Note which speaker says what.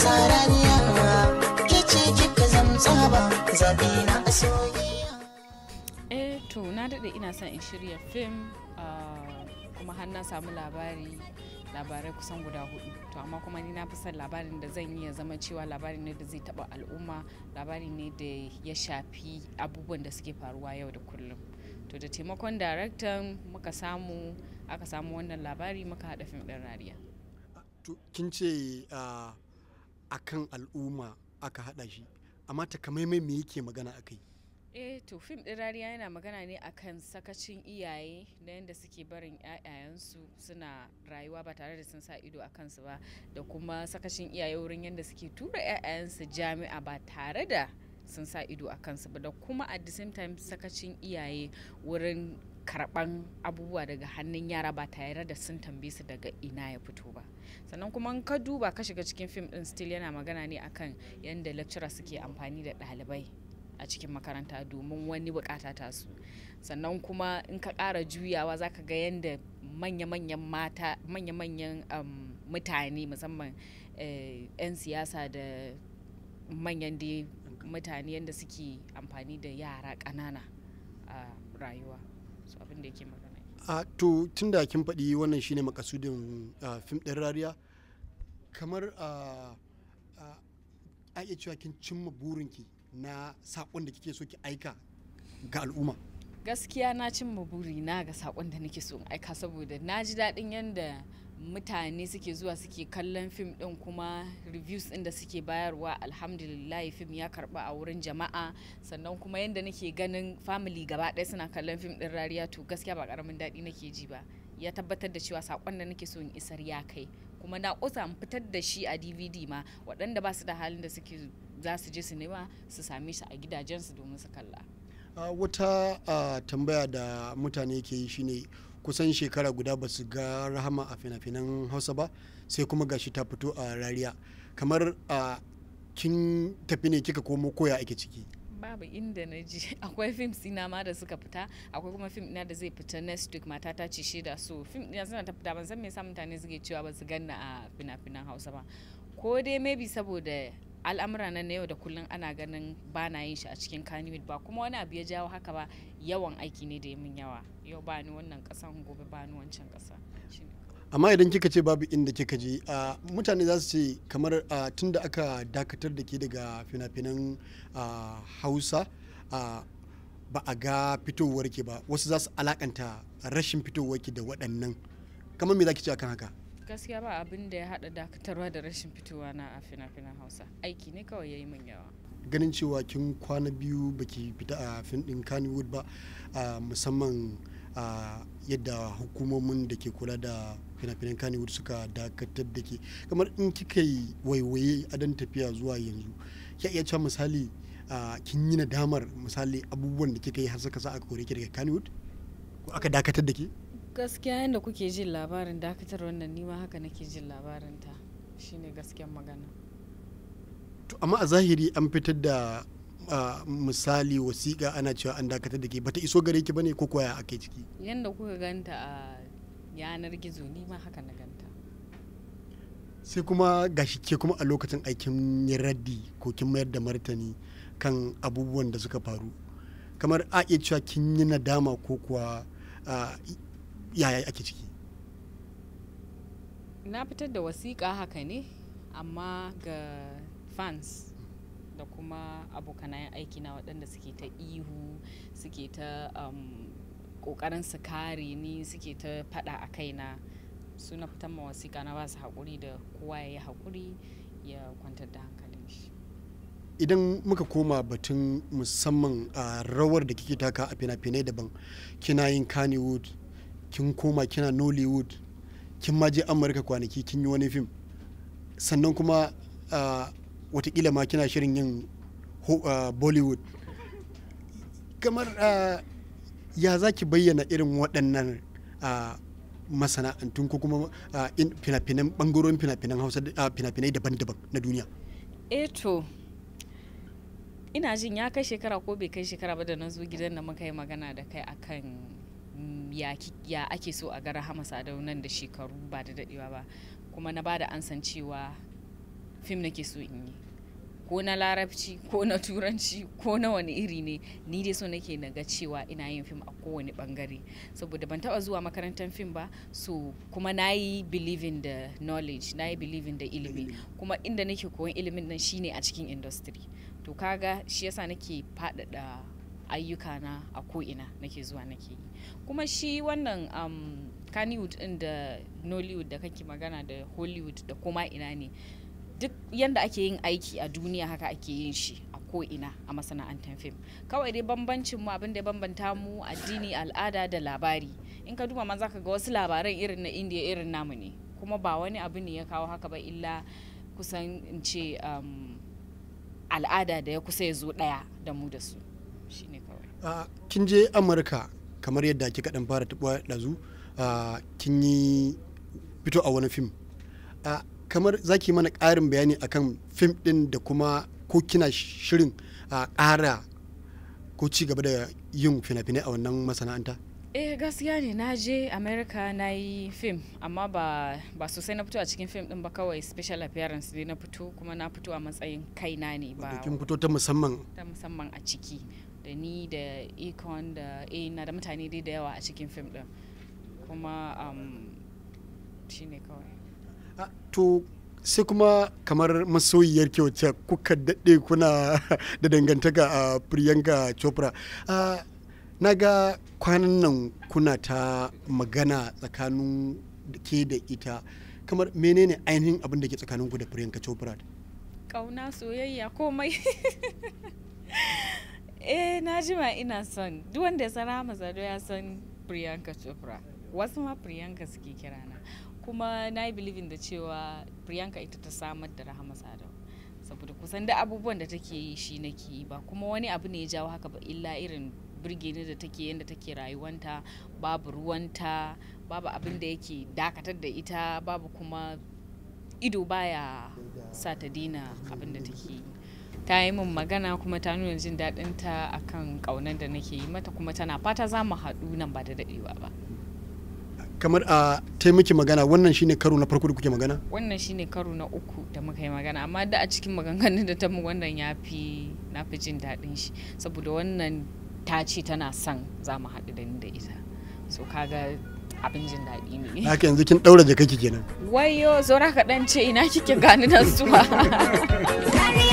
Speaker 1: E to na dade ina son in shirya fim ah, kuma har samu labari labarai kusan guda hudu to amma kuma ni na fi son labarin da zan yi ya zama cewa labari ne da zai taba al'umma labari ne da ya shafi abubuwan da suke faruwa yau da kullum to da taimakon daraktan muka samu aka samu wannan labari muka haɗa fim ɗin rariya
Speaker 2: kin ce ah, akan al'umma aka haɗa shi amma takamaimai me yake magana akai
Speaker 1: e eh to fim ɗin rariya yana magana ne akan sakacin iyaye na yadda suke barin 'ya'yayensu suna rayuwa ba tare da sun sa ido a kansu ba da kuma sakacin iyaye wurin yadda suke tura 'ya'yayensu jami'a ba tare da sun sa ido a kansu ba da kuma at the same time sakacin iyaye wurin karban abubuwa daga hannun yara ba tare da sun tambaye su daga ina ya fito ba sannan kuma ka duba ka shiga cikin fim din still yana magana ne akan yadda lecturer suke amfani da ɗalibai a cikin makaranta domin wani bukata ta su sannan kuma in ka ƙara juyawa za ka ga yadda manya-manyan mata manya-manyan um, mutane musamman eh, 'yan siyasa da manyan dai mutane yadda suke amfani da yara ƙanana a rayuwa abin da yake magana
Speaker 2: a to tun da kin faɗi wannan shine makasudin fim ɗin rariya kamar a iya cewa kin cimma burinki na saƙon da kike so ki aika ga al'umma
Speaker 1: gaskiya na cimma burina ga saƙon da nake so aika saboda na ji daɗin yadda mutane suke zuwa suke kallon fim din kuma reviews din da suke bayarwa alhamdulillah fim ya karba a wurin jama'a sannan kuma yadda nake ganin family gaba ɗaya suna kallon fim din rariya to gaskiya ba karamin daɗi nake ji ba ya tabbatar da cewa sakon da nake so in isar ya kai kuma na kusa in fitar da shi a dvd ma waɗanda ba su da halin da suke za su je sinima su same shi a gidajensu domin su kalla
Speaker 2: ah, wata ah, tambaya da mutane ke yi shine kusan shekara guda ba su ga rahama a fina-finan hausa ba sai kuma gashi ta fito a rariya kamar a kin tafi ne kika komo koya ake ciki
Speaker 1: babu inda na ji akwai fim sina ma da suka fita akwai kuma fim ina da zai fita next week mata ta ci shida so fim ina suna ta fita ban san me yasa mutane suke cewa ba su ganna a fina-finan hausa ba ko dai maybe saboda al'amura na yau da kullum ana ganin ba na yin shi a cikin kaniwood ba kuma wani abu ya jawo haka ba yawan aiki ne da ya yawa yau ba ni wannan kasan gobe ba ni wancan kasa
Speaker 2: amma idan kika ce babu inda kika je mutane za su ce kamar tun da aka dakatar da ke daga fina-finan hausa ba a ga fitowar ke ba wasu za su alakanta rashin fitowar ke da waɗannan kamar me za ki ce akan haka
Speaker 1: gaskiya ba abin da ya hada dakatarwa da rashin fitowa na a fina-finan hausa aiki ne kawai ya yi min yawa
Speaker 2: ganin cewa kin kwana biyu baki fita a fim din kannywood ba musamman yadda hukumomin da ke kula da fina-finan kannywood suka dakatar da ke kamar in kika yi waiwaye adon tafiya zuwa yanzu ya iya cewa misali kin yi na damar misali abubuwan da kika yi har suka sa aka kore ki daga kannywood ko aka dakatar da ke
Speaker 1: gaskiya yadda kuke jin labarin dakatar wannan nima haka nake jin labarin ta shine gasken magana
Speaker 2: to amma a zahiri an fitar da misali wasiƙa ana cewa an dakatar da ke bata iso gare ki bane ko koya a kai ciki
Speaker 1: yadda kuka ganta a yanar gizo nima haka na ganta
Speaker 2: sai kuma gashi ke kuma a lokacin aikin raddi ko kin mayar da martani kan abubuwan da suka faru kamar a iya cewa kin yi nadama ko kuwa yaya ake ciki
Speaker 1: na fitar da wasiƙa haka ne amma ga fans da kuma abokanayen aiki na waɗanda suke ta ihu suke ta um, ƙoƙarin su kare ni suke ta faɗa a kaina su na fitar ma wasiƙa na ba su haƙuri da kowa ya yi haƙuri ya kwantar da hankalin shi
Speaker 2: idan muka koma batun musamman a rawar da kike taka a fina-finai daban kina yin kannywood kin koma kina nollywood kin ma je amurka kwanaki kin yi wani fim sannan kuma watakila ma kina shirin yin bollywood kamar ya za ki bayyana irin waɗannan masana'antun ko kuma fina-finan ɓangarorin fina-finan hausa fina-finai daban-daban na duniya
Speaker 1: eto eh ina jin ya kai shekara ko bai kai shekara ba da na zo gidan da muka yi magana da kai akan ya ake so a ga rahama sadau nan da shekaru ba da dadewa ba kuma na ba bada ansan cewa fim nake so in yi ko na larabci ko na turanci ko na wani iri ne ni dai so nake na ga cewa ina yin fim a kowane bangare saboda ban taba zuwa makarantar fim ba so kuma na yi believing the knowledge na yi believing the ilimi kuma inda nake koyon ilimin nan shine a cikin industry to kaga shi yasa nake faɗaɗa ayyuka na a ko'ina nake zuwa nake yi kuma shi wannan um, kannywood din da nollywood da kake magana da hollywood da kuma ina ne duk yadda ake yin aiki a duniya haka ake yin shi a ko'ina a masana'antar fim kawai dai bambancin mu abin da bambanta mu addini al'ada da labari in ka duba ma za ka ga wasu labaran irin na indiya irin namu ne kuma ba wani abu ne ya kawo haka ba illa kusan in ce um, al'ada da ya kusa ya zo ɗaya da mu da su
Speaker 2: kin je amurka kamar yadda kika kaɗan fara da dazu kin yi fito a wani fim kamar za ki mana ƙarin bayani akan fim ɗin da kuma ko kina shirin a ƙara ko ci gaba da yin fina-finai a wannan masana'anta
Speaker 1: eh gaskiya ne na je america na yi fim amma ba, sosai na fito a cikin fim din ba kawai special appearance ne na fito kuma na fito a matsayin kaina ne ba kin fito
Speaker 2: ta ta musamman
Speaker 1: a ciki da ni da econ da a na da mutane dai da yawa a cikin fim din kuma um, shi ne kawai ah,
Speaker 2: to sai kuma kamar masoyiyar kyauta kuka daɗe kuna da dangantaka a priyanka chopra ah, na ga kwanan nan kuna ta magana tsakanin ke da ita kamar menene ainihin abin da ke tsakanin ku da priyanka chopra
Speaker 1: kauna soyayya komai eh na jima ina son duk wanda ya san Rahama Sado ya san Priyanka Chopra wasu ma Priyanka suke kirana kuma na yi believing da cewa Priyanka ita ta samar da Rahama Sado saboda kusan da abubuwan da take yi shi nake yi ba kuma wani abu ne ya jawo haka ba illa irin birge ni da take yadda take rayuwanta babu ruwanta babu abin da yake dakatar da ita babu kuma ido baya sa ta dina abin da take yi ta yi min magana kuma ta nuna jin daɗin ta akan ƙaunar da nake yi mata kuma tana fata za mu haɗu nan ba da daɗewa ba
Speaker 2: kamar a taimaki magana wannan shine karo na farko da kuke magana
Speaker 1: wannan shine karo na uku da muka yi magana amma da a cikin maganganun da ta mu wannan ya fi na fi jin daɗin shi saboda wannan ta ce tana son za mu haɗu da ni da ita so kaga abin jin daɗi ne haka
Speaker 2: yanzu kin ɗaura jaka kenan
Speaker 1: wayo zora ka ɗan ce ina kike gani na zuwa